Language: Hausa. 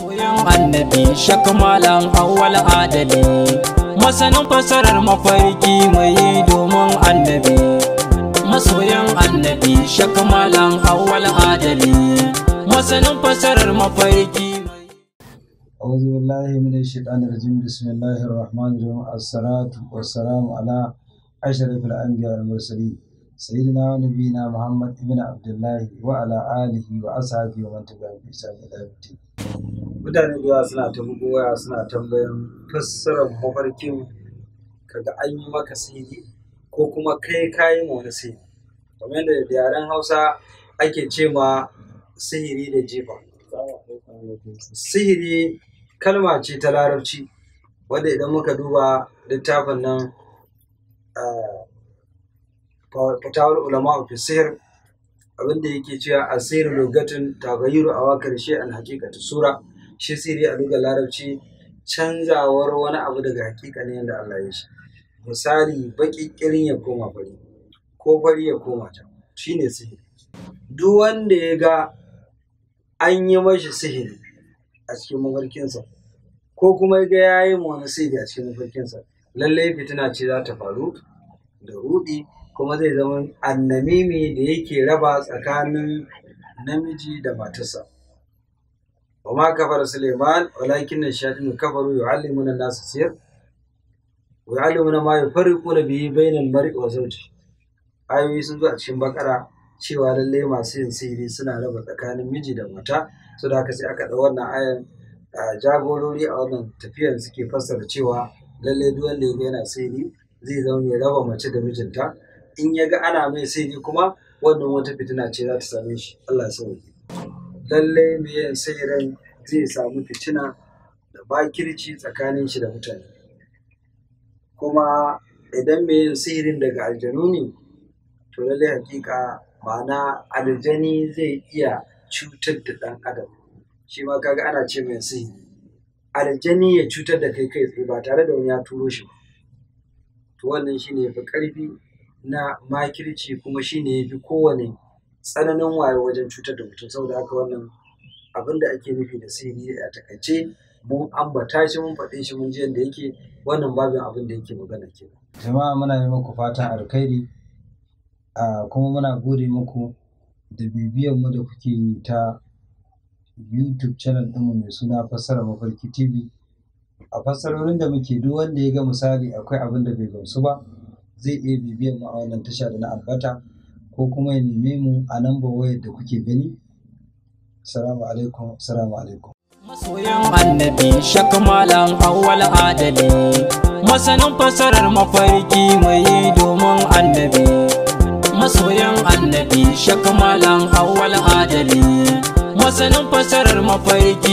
masoyan annabi shakmalan awwal adali masanin fasarar mafarki mai domin annabi masoyan annabi shakmalan awwal adali masanin fasarar mafarki أعوذ بالله من الشيطان الرجيم بسم الله الرحمن الرحيم الصلاة والسلام على أشرف الأنبياء والمرسلين سيدنا ونبينا محمد بن عبد الله وعلى آله وأصحابه ومن تبعهم بإحسان إلى يوم الدين mutane da yawa suna ta bugu waya suna tambayan fassarar mafarkin kaga an yi maka sai ko kuma kai kayi ma wani sihiri kamar yadda da yaren hausa ake ce ma sihiri da jefa sihiri kalma ce ta larabci wadda idan muka duba littafin nan ah, fatawar ulama fi sihir abinda yake cewa asirin lugatun tagayyuru a wakar shi an hakikatu sura shi dai a lugar larabci canzawar wani abu daga hakikanin yadda Allah ya shi misali baki kirin ya koma fari ko fari ya koma ta shine sihiri duk wanda ya ga an yi mashi sihiri a cikin mafarkinsa ko kuma ya ga ya yi wani sihiri a cikin mafarkinsa lallai fitina ce za ta faru da rudi kuma zai zama annamimi da yake raba tsakanin namiji da matarsa wa ma kafara Suleiman walakin ash-shayatin kafaru yu'allimuna an-nasa sir wa yu'allimuna ma yufarriquna bihi bainal mar'i wa zawji ayoyi sun zo a cikin bakara cewa lallai masu yin sirri suna raba tsakanin miji da mata so da haka sai aka ɗau wannan ayan jagorori a wannan tafiyar suke fassara cewa lallai duk wanda yana sihiri zai zama mai raba mace da mijinta in ya ga ana mai sihiri kuma wannan wata fitina ce za ta same shi Allah ya sauke lallai mai sai ran zai samu fitina da bakirci tsakanin shi da mutane kuma idan mai yin sihirin daga aljanu ne to lallai hakika ma'ana aljani zai iya cutar da ɗan adam shi ma kaga ana ce mai sihiri aljani ya cutar da kai kai ba tare da wani ya turo shi ba to wannan shine fi ƙarfi na makirci kuma shine ya fi kowane tsananin wayo wajen cutar da mutum saboda haka wannan abin da ake nufi da sihiri a takaice mun ambata shi mun faɗe shi mun ji yadda yake wannan babin abin da yake magana ke jama'a muna yi muku fatan alkhairi kuma muna gode muku da bibiyan mu da kuke yi ta youtube channel ɗinmu mai suna fassara mafarki tv a fassarorin da muke duk wanda ya ga misali akwai abin da bai gamsu ba zai iya bibiyan mu a wannan tasha da na ambata ko kuma ya neme mu a lambar wayar da kuke gani. Salamu alaikum, salamu alaikum. Masoyan annabi shak malam awwal adali masanin fasarar mafarki mai domin annabi masoyan annabi shak malam awwal adali masanin fasarar mafarki